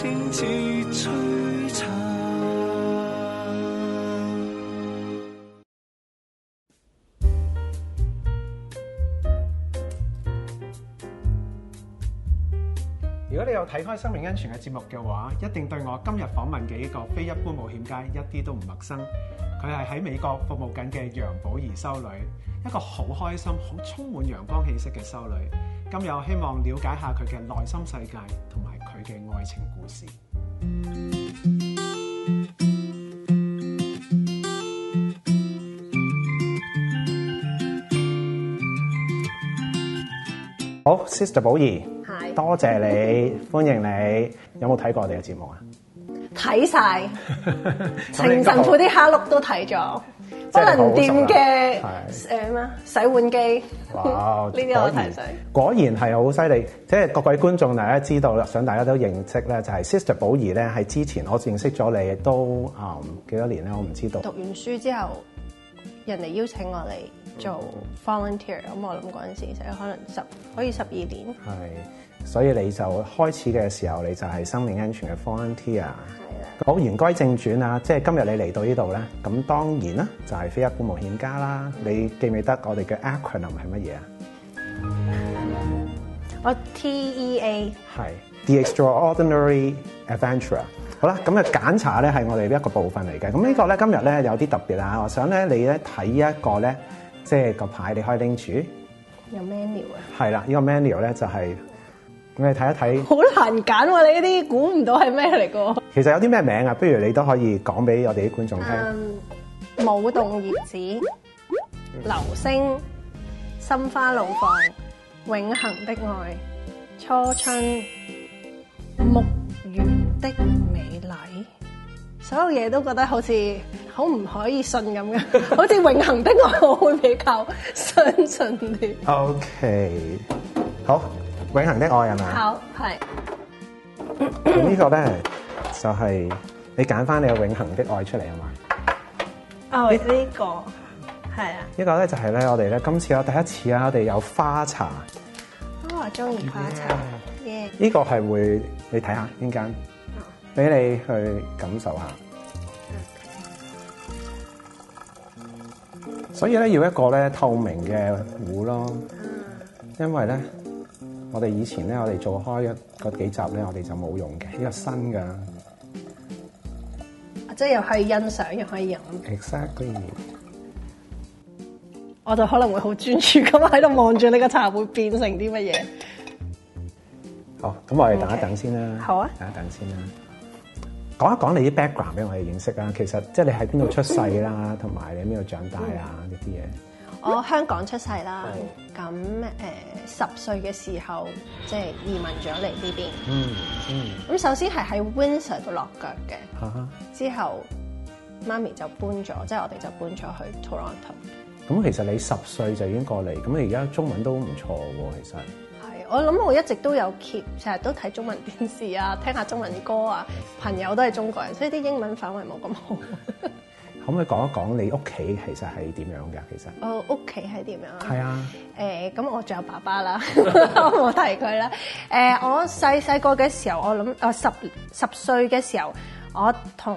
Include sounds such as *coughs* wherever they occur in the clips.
如果你有睇開《生命安全》嘅節目嘅話，一定對我今日訪問嘅一個非一般冒險家一啲都唔陌生。佢係喺美國服務緊嘅楊寶儀修女，一個好開心、好充滿陽光氣息嘅修女。今日我希望了解下佢嘅內心世界同嘅愛情故事，好，Sister 寶兒，係，多謝你， *laughs* 歡迎你，有冇睇過我哋嘅節目啊？睇晒， *laughs* 情神父啲蝦碌都睇咗。不能電嘅誒咩洗碗機？哇！呢啲我睇曬，果然係好犀利。即係各位觀眾，大家知道啦， *laughs* 想大家都認識咧，就係、是、Sister 寶儀咧，係之前我認識咗你都誒、嗯、幾多年咧，我唔知道。讀完書之後，人哋邀請我嚟做 volunteer，咁、嗯嗯、我諗嗰陣時可能十可以十二年。係。所以你就開始嘅時候，你就係生命安全嘅 volunteer 係。好，言歸正傳啊，即係今日你嚟到呢度咧，咁當然啦，就係、是、非一般冒險家啦。你記唔記得我哋嘅 Acronym 係乜嘢啊？我 T E A。係。The Extraordinary Adventurer。 *laughs* 好啦，咁嘅檢查咧係我哋呢一個部分嚟嘅。咁呢個咧今日咧有啲特別啊！我想咧你咧睇一個咧，即、就、係、是、個牌你可以拎住。有 manual 啊？係啦，呢個 manual 咧就係、是。你睇一睇，好難揀喎！你呢啲估唔到係咩嚟噶？其實有啲咩名啊？不如你都可以講俾我哋啲觀眾聽。舞動葉子、流星、心花怒放、永恆的愛、初春、木原的美麗，所有嘢都覺得好似好唔可以信咁樣，好似永恆的愛我會比較相信啲。OK，好。永恆的愛係嘛？好，係。呢個咧就係你揀翻你嘅永恆的愛出嚟係嘛？啊，呢個係啊。呢個咧就係咧，我哋咧今次我第一次啊，我哋有花茶。我中意花茶嘅。呢個係會你睇下陣間，俾你去感受下。所以咧要一個咧透明嘅壺咯，因為咧。我哋以前咧，我哋做開一個幾集咧，我哋就冇用嘅，呢個新㗎。即係又可以欣賞，又可以飲。Perfect. 我就可能會好專注咁喺度望住你個茶會變成啲乜嘢？好，咁我哋等一等先啦。好啊，等一等先啦，啊。講一講你啲 background 俾我哋認識啊。其實即係、就是、你喺邊度出世啦，啊、同、嗯、埋你喺邊度長大啊呢啲嘢。嗯這些東西我香港出世啦，咁誒、呃、十歲嘅時候即係、就是、移民咗嚟呢邊。嗯嗯。咁首先係喺 Windsor 度落腳嘅、啊，之後媽咪就搬咗，即、就、係、是、我哋就搬咗去 Toronto。咁其實你十歲就已經過嚟，咁你而家中文都唔錯喎。其實係，我諗我一直都有 keep，成日都睇中文電視啊，聽下中文歌啊，朋友都係中國人，所以啲英文反為冇咁好。 *laughs* 可唔可以講一講你屋企其實係點樣嘅？其實我屋企係點樣？係啊。誒、呃，咁我仲有爸爸啦、 *laughs* 呃，我冇提佢啦。誒，我細細個嘅時候，我諗，誒十十歲嘅時候，我同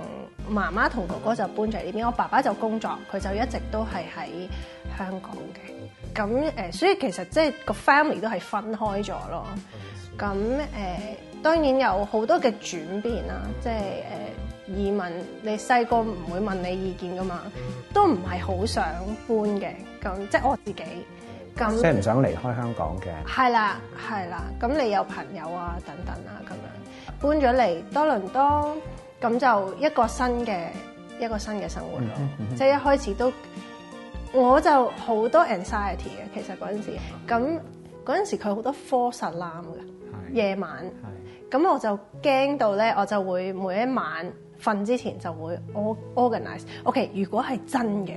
媽媽同哥哥就搬咗嚟呢邊，我爸爸就工作，佢就一直都係喺香港嘅。咁誒、呃，所以其實即係個 family 都係分開咗咯。咁誒、呃，當然有好多嘅轉變啦。即係誒。呃移民你細個唔會問你意見噶嘛，都唔係好想搬嘅，咁即係我自己咁。即係唔想離開香港嘅。係啦，係啦，咁你有朋友啊，等等啊，咁樣搬咗嚟多倫多，咁就一個新嘅一個新嘅生活咯。即 *laughs* 係一開始都我就好多 anxiety 嘅，其實嗰陣時，咁嗰陣時佢好多 false alarm 嘅夜晚，咁我就驚到咧，我就會每一晚。瞓之前就會 organize，OK，如果係真嘅，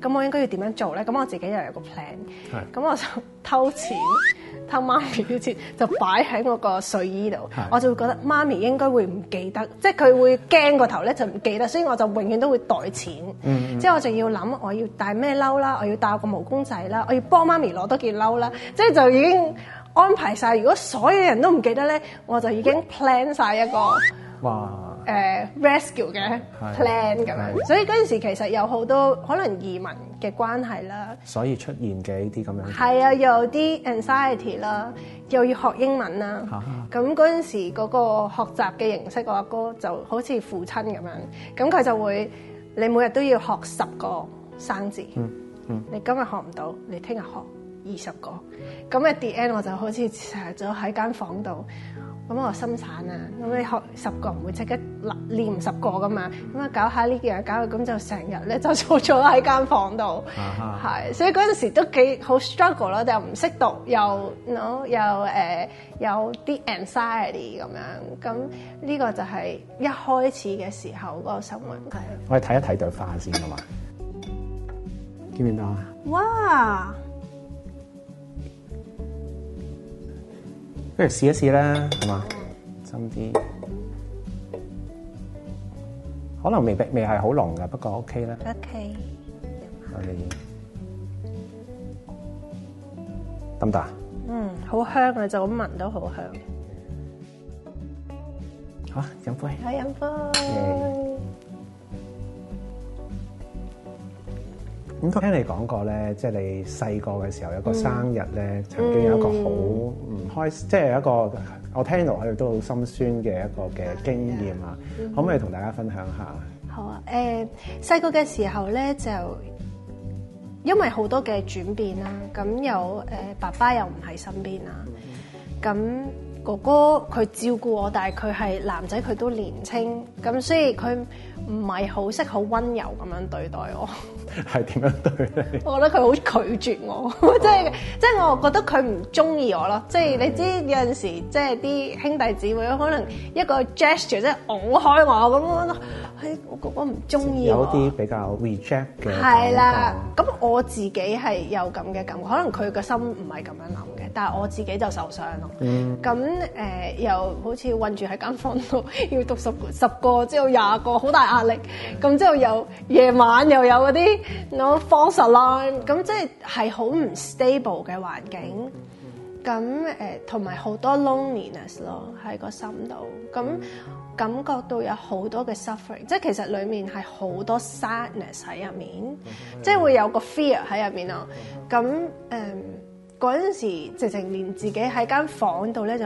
咁、嗯、我應該要點樣做咧？咁我自己又有一個 plan。咁我就偷錢，偷媽咪啲錢，就擺喺我個睡衣度。我就會覺得媽咪應該會唔記得，即係佢會驚個頭咧就唔記得。所以我就永遠都會袋錢。即、嗯、係、嗯就係、我仲要諗，我要帶咩褸啦，我要帶個毛公仔啦，我要幫媽咪攞多件褸啦。即、就、係、係、就已經安排晒。如果所有人都唔記得咧，我就已經 plan 晒一個。哇誒、呃、rescue 嘅 plan 咁樣，所以嗰陣時其實有好多可能移民嘅關係啦，所以出現嘅呢啲咁樣係，係啊，有啲 anxiety 啦，又要學英文啦，咁嗰陣時嗰個學習嘅形式，我阿哥就好似父親咁樣，咁佢就會你每日都要學十個生字，嗯，嗯，你今日學唔到，你聽日學二十個，咁嘅 the end 我就好似成日坐咗喺間房度。咁我心散啊！咁你學十個唔會即刻練練十個噶嘛？咁啊搞，搞下呢樣搞下，咁就成日咧就坐咗喺間房度，係、uh -huh. 所以嗰陣時都幾好 struggle 咯，就唔識讀又 no 又誒 you know,、呃、有啲 anxiety 咁樣。咁呢個就係一開始嘅時候嗰個生活。我哋睇一睇朵花先嘅嘛，見唔見到啊？哇！不如試一試啦，係嘛？斟、嗯、啲，可能味未係好濃嘅，不過 OK 啦。OK。得唔得？嗯，好香啊，就咁聞都好香。好，飲杯。我飲杯。Yeah. 咁聽你講過咧，即係你細個嘅時候有一個生日咧，曾經有一個好唔開心，即係有一個我聽到喺度都好心酸嘅一個嘅經驗啊，可唔可以同大家分享下？好啊，誒細個嘅時候咧就因為好多嘅轉變啦，咁有誒爸爸又唔喺身邊啦，咁。哥哥佢照顧我，但係佢係男仔，佢都年青，咁所以佢唔係好識好温柔咁樣對待我。係點樣對咧？我覺得佢好拒絕我，即係即係我覺得佢唔中意我咯。即係你知有陣時，即係啲兄弟姊妹可能一個 gesture 即係拱開我咁樣，嘿、哎，我哥哥唔中意我。有啲比較 reject 嘅係啦。咁我自己係有咁嘅感覺，可能佢個心唔係咁樣諗嘅。但係我自己就受傷咯，咁誒又好似困住喺間房度，要讀十個十個之後廿個，好大壓力。咁之後，mm-hmm. 又夜晚又有嗰啲 no false alarm，咁即係係好唔 stable 嘅環境。咁同埋好多 loneliness 咯喺個心度，咁感覺到有好多嘅 suffering，即係其實裏面係好多 sadness 喺入面，mm-hmm. 即係會有個 fear 喺入面咯。咁誒，mm-hmm.。呃嗰陣時，直情連自己喺間房度咧，就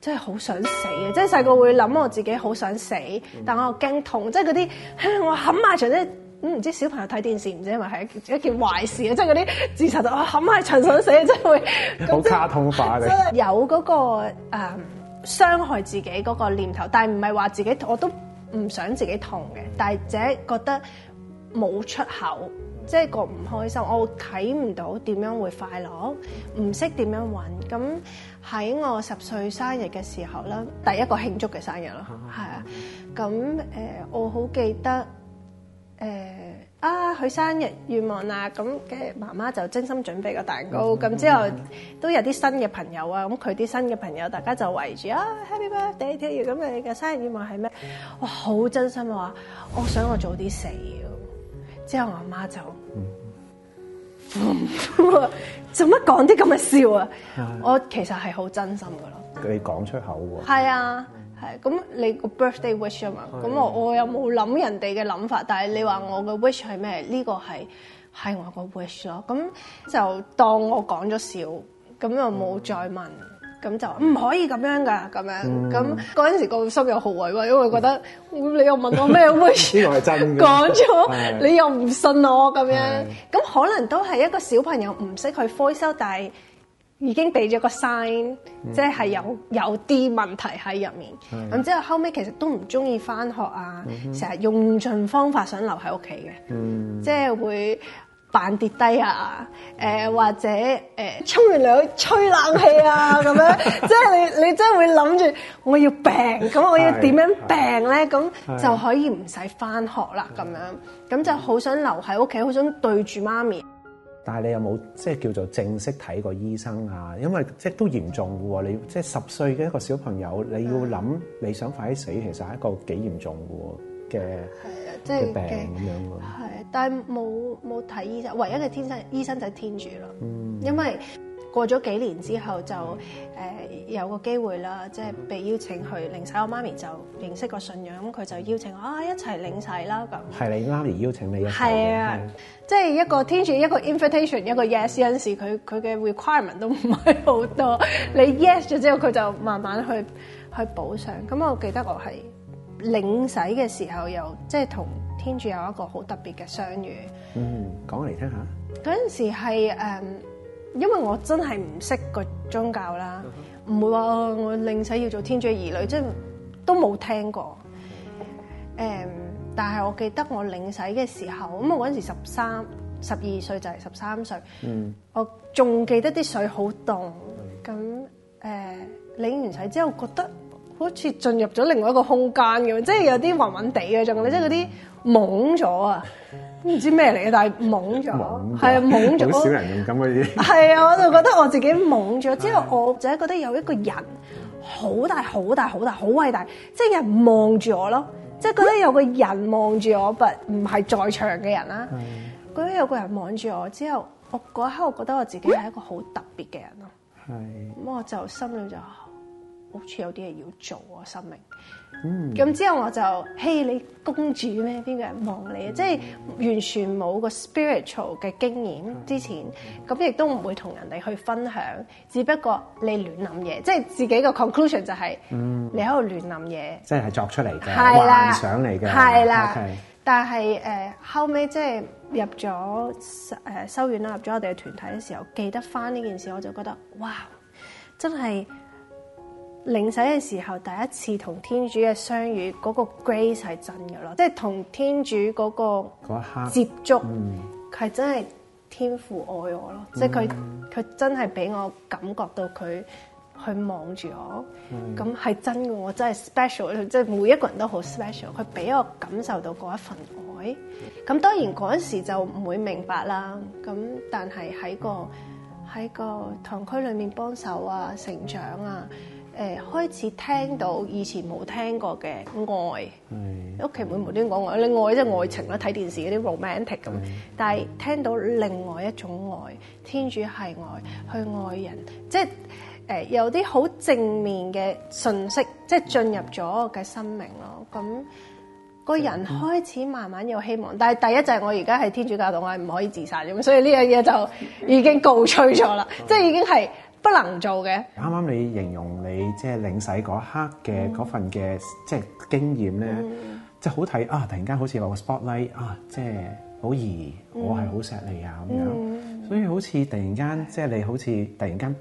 真係好想死嘅。即係細個會諗我自己好想死，但我又驚痛。即係嗰啲我冚埋場咧，唔、嗯、知小朋友睇電視唔知係咪係一件壞事啊！即係嗰啲自殺我冚埋場想死，真係會好卡通化嘅、嗰個。有嗰個誒傷害自己嗰個念頭，但係唔係話自己痛我都唔想自己痛嘅，但係自己覺得冇出口。即係個唔開心，我睇唔到點樣會快樂，唔識點樣玩。咁喺我十歲生日嘅時候啦，第一個慶祝嘅生日咯，係啊。咁誒、啊呃，我好記得誒、呃、啊，佢生日願望啊。咁嘅媽媽就精心準備個蛋糕。咁、嗯、之後、嗯嗯、都有啲新嘅朋友啊。咁佢啲新嘅朋友，大家就圍住啊，Happy Birthday to you。咁你嘅生日願望係咩？哇、嗯，好真心話，我想我早啲死。之後我阿媽就，做乜講啲咁嘅笑啊？ *laughs* *laughs* 我其實係好真心噶咯，你講出口喎。係 *laughs* 啊，係咁、啊、你個 birthday wish 啊嘛，咁我我又冇諗人哋嘅諗法，但係你話我嘅 wish 係咩？呢、這個係係我個 wish 咯，咁就當我講咗笑，咁又冇再問。嗯咁就唔可以咁樣噶，咁樣咁嗰陣時個心又好委屈，因為覺得、嗯、你又問我咩？喂， *laughs* 你講咗你又唔信我咁樣，咁可能都係一個小朋友唔識去開收，但已經俾咗個 sign、嗯、即係有有啲問題喺入面。咁之後後尾其實都唔中意返學啊，成、嗯、日用盡方法想留喺屋企嘅，即係會。扮跌低啊！誒、呃、或者誒，沖、呃、完涼吹冷氣啊咁樣， *laughs* 即係你你真係會諗住我要病，咁我要點樣病咧？咁就可以唔使翻學啦咁樣，咁就好想留喺屋企，好想對住媽咪。但係你有冇即係叫做正式睇過醫生啊？因為即係都嚴重嘅喎，你即係十歲嘅一個小朋友，你要諗你想快啲死，其實係一個幾嚴重嘅喎。嘅病咁樣咯，但係冇冇睇醫生，唯一嘅天生醫生就係天主啦、嗯。因為過咗幾年之後就誒、呃、有個機會啦，即、就、係、是、被邀請去領洗，我媽咪就認識個信仰，咁佢就邀請我啊一齊領洗啦咁。係你媽咪邀請你一係啊，即係、就是、一個天主一個 invitation 一個 yes 嗰陣時，佢佢嘅 requirement 都唔係好多， *laughs* 你 yes 咗之後佢就慢慢去去補上。咁我記得我係。領洗嘅時候又即係同天主有一個好特別嘅相遇。嗯，講嚟聽下。嗰陣時係誒、嗯，因為我真係唔識個宗教啦，唔、嗯、會話我，我領洗要做天主嘅兒女，即係都冇聽過。誒、嗯，但係我記得我領洗嘅時候，咁我嗰陣時十三、十二歲就係十三歲。嗯，我仲記得啲水好凍，咁、嗯、誒、呃、領完洗之後覺得。好似進入咗另外一個空間咁，即係有啲暈暈地嘅，仲咧，即係啲懵咗啊，唔知咩嚟嘅，但係懵咗，係啊，懵咗。好少人用咁嗰啲。係啊，我就覺得我自己懵咗。之後我就係覺得有一個人好大、好大、好大、好偉大，即係人望住我咯，即係覺得有個人望住我不唔係在場嘅人啦。覺得有個人望住我之後，我嗰刻我覺得我自己係一個好特別嘅人咯。係。咁我就心裏就。好似有啲嘢要做啊，生命。嗯，咁之後我就，嘿、hey，你公主咩？邊個人望你啊、嗯？即係完全冇個 spiritual 嘅經驗之前，咁亦都唔會同人哋去分享。只不過你亂諗嘢，即係自己個 conclusion 就係，嗯，你喺度亂諗嘢，即係作出嚟嘅幻想嚟嘅，係啦、okay。但係、呃、後尾即係入咗誒修院啦，入咗我哋嘅團體嘅時候，記得翻呢件事，我就覺得哇，真係～領洗嘅時候，第一次同天主嘅相遇，嗰、嗰個 grace 係真嘅咯，即係同天主嗰個接觸，佢真係天父愛我咯，即係佢佢真係俾我感覺到佢去望住我，咁、嗯、係真嘅，我真係 special，即係每一個人都好 special，佢俾我感受到嗰一份愛。咁當然嗰陣時就唔會明白啦，咁但係喺個喺個堂區裏面幫手啊、成長啊。誒開始聽到以前冇聽過嘅愛，屋企唔會無端端講愛，另外即係愛情啦，睇電視嗰啲 romantic 咁，但係聽到另外一種愛，天主係愛，去愛人，是即係誒、呃、有啲好正面嘅訊息，即係進入咗我嘅生命咯。咁、那個人開始慢慢有希望，但係第一就係我而家係天主教導我啊，唔可以自殺咁，所以呢樣嘢就已經告吹咗啦，即係已經係。不能做嘅。啱啱你形容你即係領洗嗰一刻嘅嗰份嘅即係經驗咧，即、嗯、係、就是、好睇啊！突然間好似有個 spotlight 啊，即、就、係、是、好易，我係好錫你啊咁、嗯、樣、嗯，所以好似突然間即係、就是、你好似突然間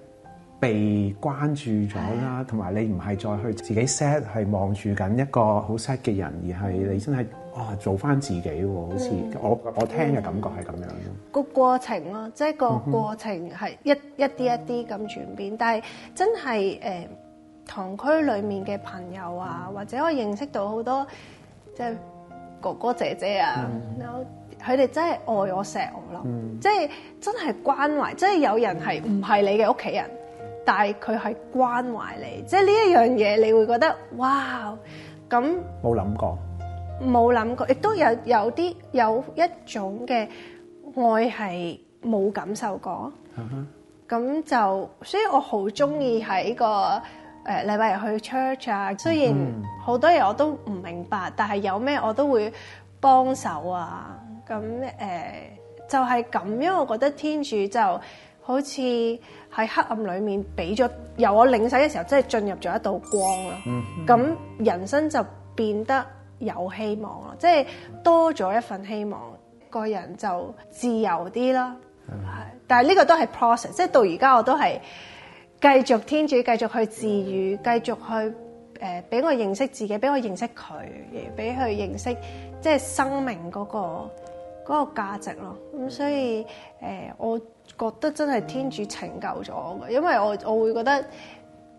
被關注咗啦，同、嗯、埋你唔係再去自己 set 係望住緊一個好 set 嘅人，而係你真係。哇、哦！做翻自己喎，好似我、嗯、我，我聽嘅感覺係咁樣咯、嗯。個過程咯，即、就、係、是、個過程係一、嗯、一啲一啲咁轉變，但係真係誒，堂、呃、區裏面嘅朋友啊，或者我認識到好多即係、就是、哥哥姐姐啊，佢、嗯、哋真係愛我錫我咯，即、嗯、係、就是、真係關懷，即、就、係、是、有人係唔係你嘅屋企人，嗯、但係佢係關懷你，即係呢一樣嘢，你會覺得哇！咁冇諗過。冇諗過，亦都有有啲有一種嘅愛係冇感受過。咁就，所以我好中意喺個誒禮拜日去 church 啊。雖然好多嘢我都唔明白，但係有咩我都會幫手啊。咁誒就係咁，因為我覺得天主就好似喺黑暗裏面俾咗由我領洗嘅時候，真係進入咗一道光啦。咁人生就變得。有希望咯，即係多咗一份希望，個人就自由啲啦。係、嗯，但係呢個都係 process，即係到而家我都係繼續天主，繼續去治癒，繼續去誒俾、呃、我認識自己，俾我認識佢，俾佢認識即係生命嗰、個嗰價、個、值咯。咁、嗯、所以誒、呃，我覺得真係天主拯救咗我嘅，因為我我會覺得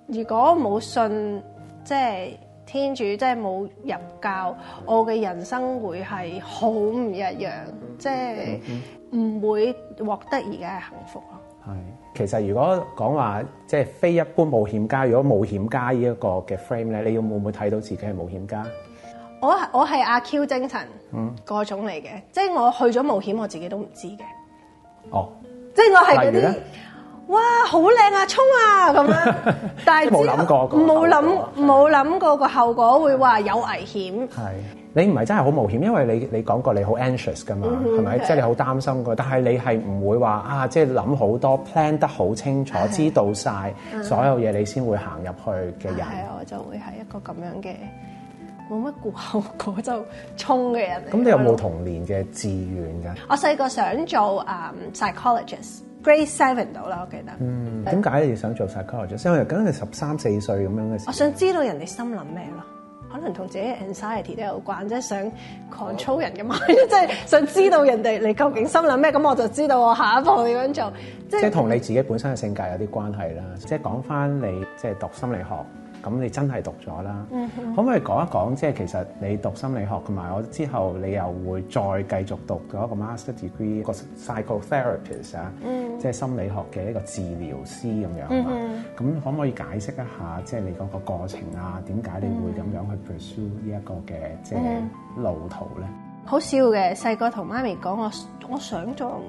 如果冇信，即係。天主即係冇入教，我嘅人生會係好唔一樣，即係唔會獲得而家嘅幸福咯。係，其實如果講話即係非一般冒險家，如果冒險家呢一個嘅 frame 咧，你要會唔會睇到自己係冒險家？我係我係阿 Q 精神，嗯，各種嚟嘅，即係我去咗冒險，我自己都唔知嘅。哦，即係我係嗰啲。哇，好靚啊，衝啊咁樣！但係冇諗過，冇諗冇諗過個後果會話有危險。係你唔係真係好冒險，因為你你講過你好 anxious 噶嘛，係、嗯、咪？即係、就是、你好擔心過。但係你係唔會話啊，即係諗好多，plan 得好清楚，知道曬所有嘢，你先會行入去嘅人。係啊，我就會係一個咁樣嘅，冇乜顧後果就衝嘅人。咁你有冇童年嘅志願㗎？我細個想做、um, psychologist。Grade Seven 到啦，我記得。嗯，點解你想做 psychologist？因為究竟你十三四歲咁樣嘅。我想知道人哋心諗咩咯，可能同自己嘅 anxiety 都有關，即係想 control 人嘅嘛，即、oh. 係 *laughs* 想知道人哋你究竟心諗咩，咁我就知道我下一步點樣做。即係同你自己本身嘅性格有啲關係啦。即係講翻你即係、就是、讀心理學。咁你真係讀咗啦，mm -hmm. 可唔可以講一講？即係其實你讀心理學同埋我之後，你又會再繼續讀嗰一個 master degree 個 psychotherapist 啊、mm -hmm.，即係心理學嘅一個治療師咁樣啊。咁、mm -hmm. 可唔可以解釋一下，即係你嗰個過程啊？點解你會咁樣去 pursue 呢一個嘅即係路途咧？好笑嘅，細個同媽咪講我我想做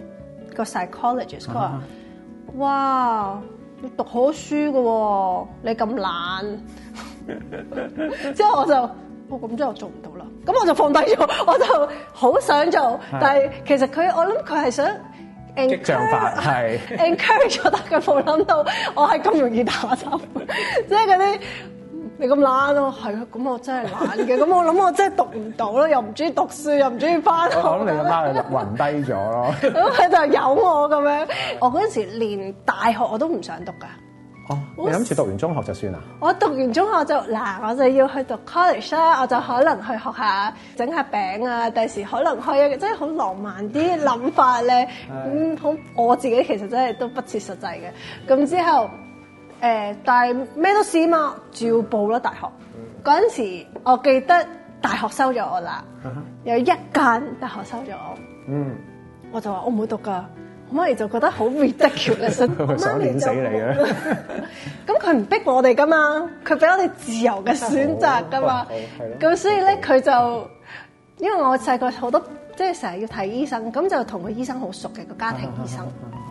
個 psychologist 啊！Uh -huh. 哇！要讀好書嘅喎、哦，你咁懶，之後我就，我咁之後做唔到啦，咁我就放低咗，我就好想做，但係其實佢我諗佢係想，想 u r 法，g encourage 咗，大佢冇諗到我係咁容易打雜，即係嗰啲。你咁懶咯，係啊，咁我真係懶嘅。咁我諗我真係讀唔到咯，又唔中意讀書，又唔中意翻學。我諗你阿媽係暈低咗咯，佢就有我咁樣。我嗰陣 *laughs* 時連大學我都唔想讀噶。哦，你諗住讀完中學就算啦。我讀完中學就嗱，我就要去讀 college 啦。我就可能去學下整下餅啊，第時可能去一即係好浪漫啲諗法咧。嗯，好，我自己其實真係都不切實際嘅。咁之後。誒、欸，但係咩都試嘛，就要報咯、啊、大學。嗰、嗯、陣時，我記得大學收咗我啦、啊，有一間大學收咗我。嗯，我就話我唔會讀噶，我媽咪就覺得好 ridiculous， *laughs* 媽咪就話，咁佢唔逼我哋噶嘛，佢俾我哋自由嘅選擇噶嘛。咁 *laughs* 所以咧，佢就因為我細個好多，即係成日要睇醫生，咁就同個醫生好熟嘅、個家庭醫生。啊啊啊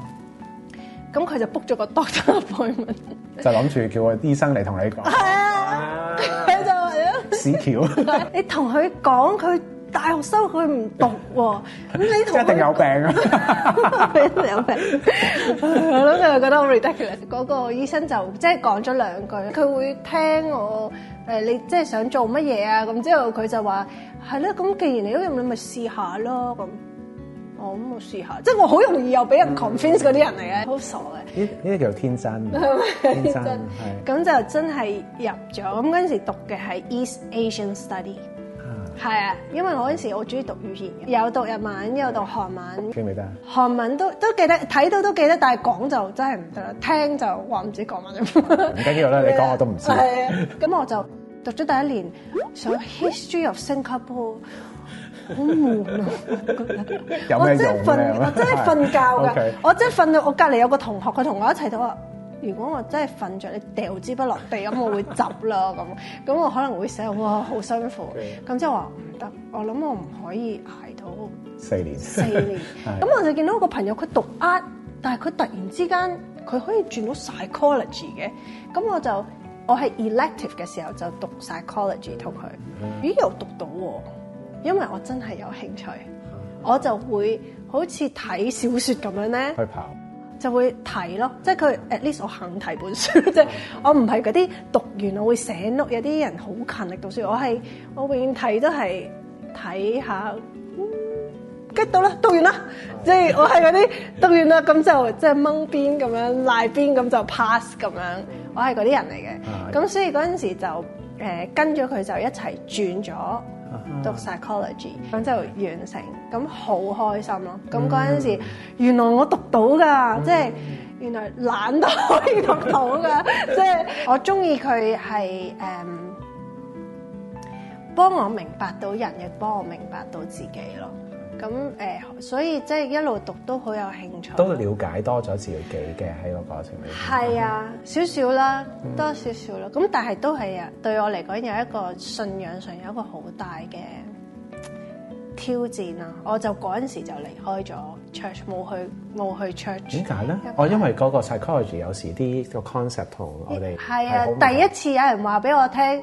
咁佢就 book 咗個 doctor appointment，就諗住叫個醫生嚟同你講。係啊，佢、啊、 *laughs* 就話屎橋。 *laughs* *laughs* 你同佢講佢大學生佢唔讀喎、哦，咁你一定有病啊！ *laughs* *laughs* 一定有病。 *laughs* 我諗佢又覺得好理得嘅，嗰個醫生就即係講咗兩句，佢會聽我誒，你即係想做乜嘢啊？咁之後佢就話係咯，咁、哎、既然你都咁樣，你咪試下囉。咁。我咁我試下，即係我好容易又俾人 confuse 嗰啲人嚟嘅，好傻嘅、啊。呢啲叫做天生。天真係。咁就真係入咗。咁嗰陣時讀嘅係 East Asian Study，係啊，啊，因為我嗰陣時我鍾意讀語言嘅，有讀日文，有讀韓文。記唔記得啊？韓文都都記得，睇到都記得，但係講就真係唔得啦。聽就話唔知講乜咁。唔、嗯、緊 *laughs* 要啦，你講我都唔知。係啊，咁、啊、 *laughs* 我就讀咗第一年，想 History of Singapore。好悶啊！我真係瞓，我真係瞓覺嘅。我真係瞓到，我隔離有個同學，佢同我一齊到話：如果我真係瞓着，你掉之不落地，咁我會執啦。咁咁我可能會寫哇，好辛苦。咁之後話唔得，我諗我唔可以捱到四年四年。咁 *laughs* 我就見到一個朋友，佢讀 Art 但係佢突然之間佢可以轉到 Psychology 嘅。咁我就我係 Elective 嘅時候就讀 Psychology 同佢、嗯，咦，又讀到。因為我真係有興趣，我就會好似睇小説咁樣咧，就會睇咯。即係佢 at least 我肯睇本書，即、嗯、係 *laughs* 我唔係嗰啲讀完我會醒屋，有啲人好勤力讀書，我係我永遠睇都係睇下，get、嗯、到啦，讀完啦。即、嗯、係、就是、我係嗰啲讀完啦，咁就即係掹邊咁樣賴邊咁就 pass 咁樣。我係嗰啲人嚟嘅，咁、嗯、所以嗰陣時候就誒、呃、跟咗佢就一齊轉咗。Uh -huh. 讀 psychology，咁就完成，咁好開心咯！咁嗰陣時，mm -hmm. 原來我讀到噶，mm -hmm. 即係原來懶都可以讀到噶， *laughs* 即係我中意佢係誒，um, 幫我明白到人，亦幫我明白到自己咯。咁誒、呃，所以即係一路讀都好有興趣，都了解多咗自己嘅喺個過程裏邊。係啊，對，少少啦、嗯，多少少啦。咁但係都係啊，對我嚟講有一個信仰上有一個好大嘅挑戰啊！我就嗰陣時候就離開咗 church，冇去冇去 church。點解咧？因我因為嗰個 psychology 有時啲個 concept 同我哋係啊，第一次有人話俾我聽。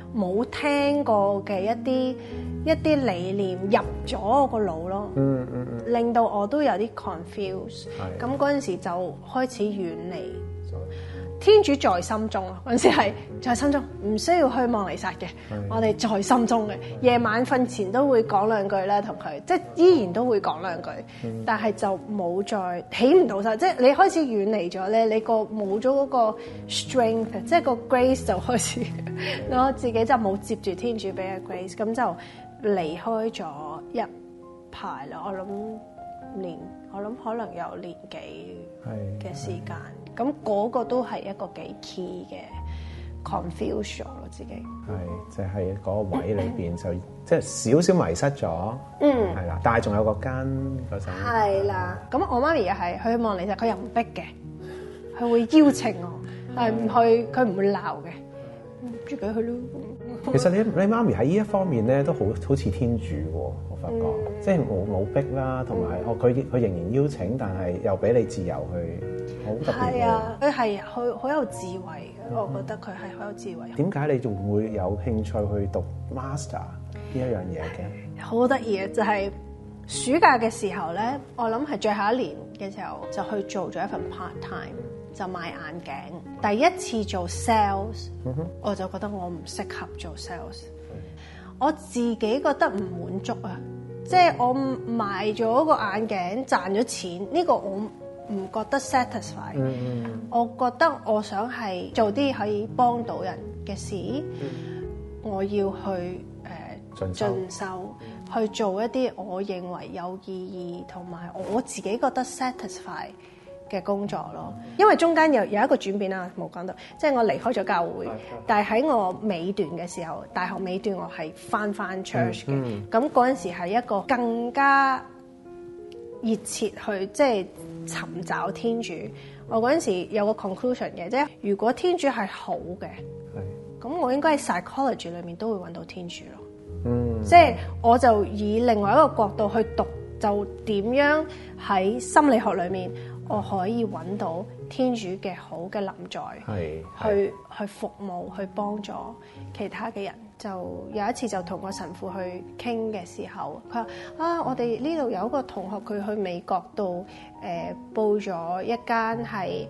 冇聽過嘅一啲一啲理念入咗我個腦咯，令到我都有啲 confuse。咁嗰陣時就開始遠離。Sorry. 天主在心中啊，陣時係在心中，唔需要去望彌撒嘅。我哋在心中嘅，夜晚瞓前都會講兩句咧，同佢即係依然都會講兩句，但係就冇再起唔到晒。即係你開始遠離咗咧，你個冇咗嗰個 strength，即係個 grace 就開始，我自己就冇接住天主俾嘅 grace，咁就離開咗一排咯，我諗。年，我諗可能有年幾嘅時間，咁嗰、那個都係一個幾 key 嘅 confusion 咯，自己係就喺、是、嗰個位裏邊就即係、 *coughs* 就是、少少迷失咗，嗯係啦，但係仲有一個間、那個係啦，咁我媽咪又係，佢望你，就佢又唔逼嘅，佢會邀請我，但係唔去，佢唔會鬧嘅，住佢去咯。其實你你媽咪喺呢一方面咧都好好似天主喎，我發覺，嗯、即係冇冇逼啦，同埋哦佢佢仍然邀請，但係又俾你自由去，好特別。係啊，佢係好好有智慧嘅、嗯，我覺得佢係好有智慧。點解你仲會有興趣去讀 master 呢一樣嘢嘅？好得意嘅就係、是、暑假嘅時候咧，我諗係最後一年嘅時候就去做咗一份 part time。就賣眼鏡，第一次做 sales，mm -hmm. 我就覺得我唔適合做 sales。Mm -hmm. 我自己覺得唔滿足啊，即、mm、係 -hmm. 我賣咗個眼鏡賺咗錢，呢、這個我唔覺得 satisfied。Mm -hmm. 我覺得我想係做啲可以幫到人嘅事，mm -hmm. 我要去誒進修、呃 mm -hmm. 進修，去做一啲我認為有意義同埋我自己覺得 satisfied。嘅工作咯，因為中間有有一個轉變啦，冇講到，即係我離開咗教會，right. 但係喺我尾段嘅時候，大學尾段我係翻翻 church 嘅，咁嗰陣時係一個更加熱切去即係尋找天主。我嗰陣時有個 conclusion 嘅，即、就是、如果天主係好嘅，咁、right. 我應該喺 psychology 裏面都會揾到天主咯。嗯、mm.，即係我就以另外一個角度去讀，就點樣喺心理學裏面、mm.。我可以揾到天主嘅好嘅臨在，去去服務去幫助其他嘅人。就有一次就同個神父去傾嘅時候，佢話：啊，我哋呢度有一個同學佢去美國度誒、呃、報咗一間係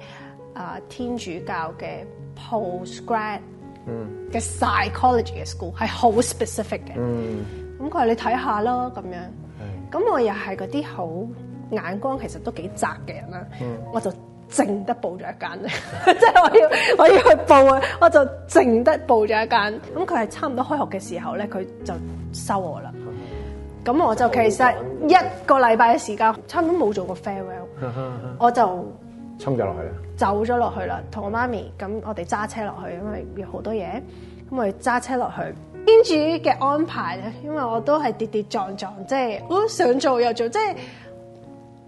啊、呃、天主教嘅 postgrad 嘅、嗯、psychology 嘅 school，係好 specific 嘅。咁佢話你睇下咯咁樣。咁我又係嗰啲好眼光其實都幾窄嘅人啦、嗯，我就淨得報咗一間，即係 *laughs* 我要我要去報啊，我就淨得報咗一間。咁佢係差唔多開學嘅時候咧，佢就收我啦。咁我就其實一個禮拜嘅時間，差唔多冇做過 farewell，哈哈哈哈我就衝咗落去啦。走咗落去啦，同我媽咪，咁我哋揸車落去，因為有好多嘢，咁我哋揸車落去。天主嘅安排咧，因為我都係跌跌撞撞，即係我想做又做，即係。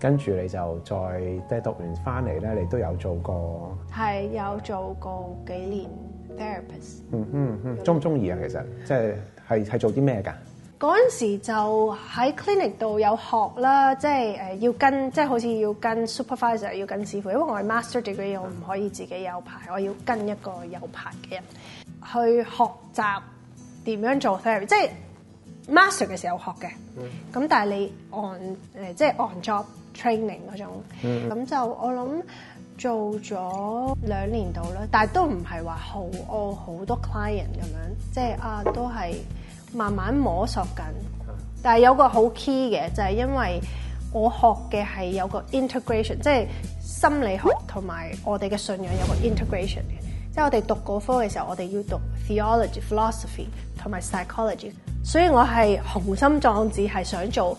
跟住你就再即係讀完翻嚟咧，你都有做過，係有做過幾年 therapist 嗯。嗯嗯嗯，中唔中意啊、嗯？其實即係係係做啲咩噶？嗰陣時就喺 clinic 度有學啦，即係要跟，即係好似要跟 supervisor 要跟師傅，因為我係 master degree，我唔可以自己有牌，我要跟一個有牌嘅人去學習點樣做 therapy，即係 master 嘅時候學嘅。咁。嗯。但係你 on 誒即係 on job。training 嗰種，咁、mm -hmm. 就我諗做咗兩年度啦，但係都唔係話好我好多 client 咁樣，即係啊都係慢慢摸索緊。但係有個好 key 嘅就係因為我學嘅係有個 integration，即係心理學同埋我哋嘅信仰有個 integration 嘅。即係我哋讀嗰科嘅時候，我哋要讀 theology、philosophy 同埋 psychology，所以我係雄心壯志係想做。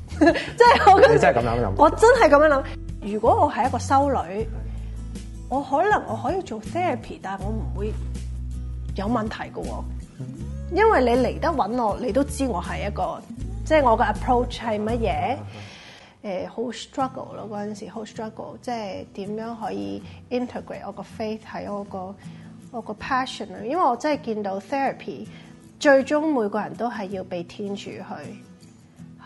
即 *laughs* 係我覺得你真係咁樣諗，我真係咁樣諗。如果我係一個修女，我可能我可以做 therapy，但係我唔會有問題噶。因為你嚟得搵我，你都知我係一個，即、就、係、是、我嘅 approach 係乜嘢。誒、嗯、好、嗯嗯呃、struggle 咯，嗰陣時好 struggle，即係點樣可以 integrate 我個 faith 喺我個我個 passion 啊？因為我真係見到 therapy，最終每個人都係要被天主去。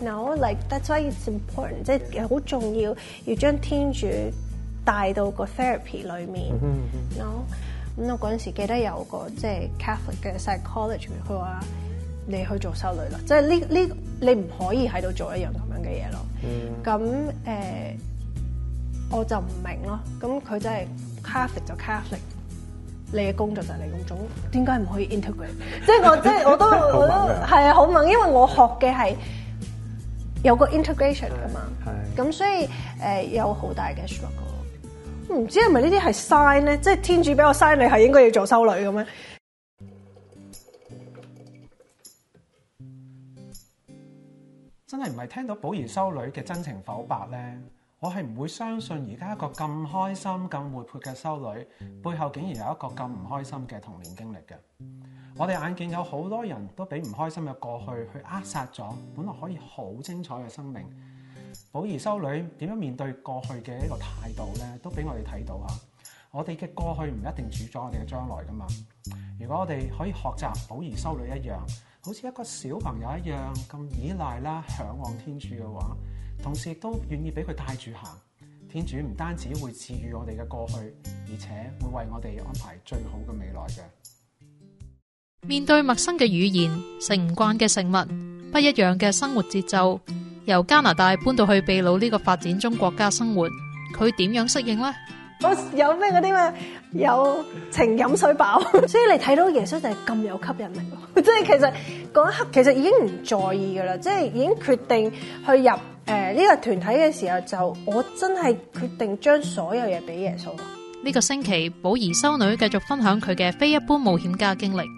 No，like，that's why it's important，即係好重要，要將天主帶到個 therapy 裏面，no。咁我嗰陣時記得有個即係 Catholic 嘅 psychology，佢話你去做修女啦，即係呢呢你唔可以喺度做一樣咁樣嘅嘢咯。咁誒，我就唔明咯。咁佢真係 Catholic 就 Catholic，你嘅工作就係你咁做，點解唔可以 integrate？即係我即係我都我都係啊，好猛，因為我學嘅係。有個 integration 噶嘛，咁所以誒、呃、有好大嘅 struggle 咯。唔知係咪呢啲係 sign 咧？即、就、係、是、天主俾我 sign 你係應該要做修女嘅咩？真係唔係聽到保兒修女嘅真情剖白咧，我係唔會相信而家一個咁開心、咁活潑嘅修女，背後竟然有一個咁唔開心嘅童年經歷嘅。我哋眼見有好多人都俾唔開心嘅過去去扼殺咗，本來可以好精彩嘅生命。保兒修女點樣面對過去嘅一個態度呢？都俾我哋睇到啊。我哋嘅過去唔一定主宰我哋嘅將來噶嘛。如果我哋可以學習保兒修女一樣，好似一個小朋友一樣咁依賴啦、嚮往天主嘅話，同時亦都願意俾佢帶住行。天主唔單止會治癒我哋嘅過去，而且會為我哋安排最好嘅未來嘅。面對陌生嘅語言、食唔慣嘅食物、不一樣嘅生活節奏，由加拿大搬到去秘魯呢個發展中國家生活，佢點樣適應呢？有咩嗰啲咩有情飲水飽， *laughs* 所以你睇到耶穌就係咁有吸引力。即 *laughs* 係其實嗰一刻，其實已經唔在意噶啦，即係已經決定去入誒呢、呃這個團體嘅時候，就我真係決定將所有嘢俾耶穌。呢、這個星期，寶兒修女繼續分享佢嘅非一般冒險家經歷。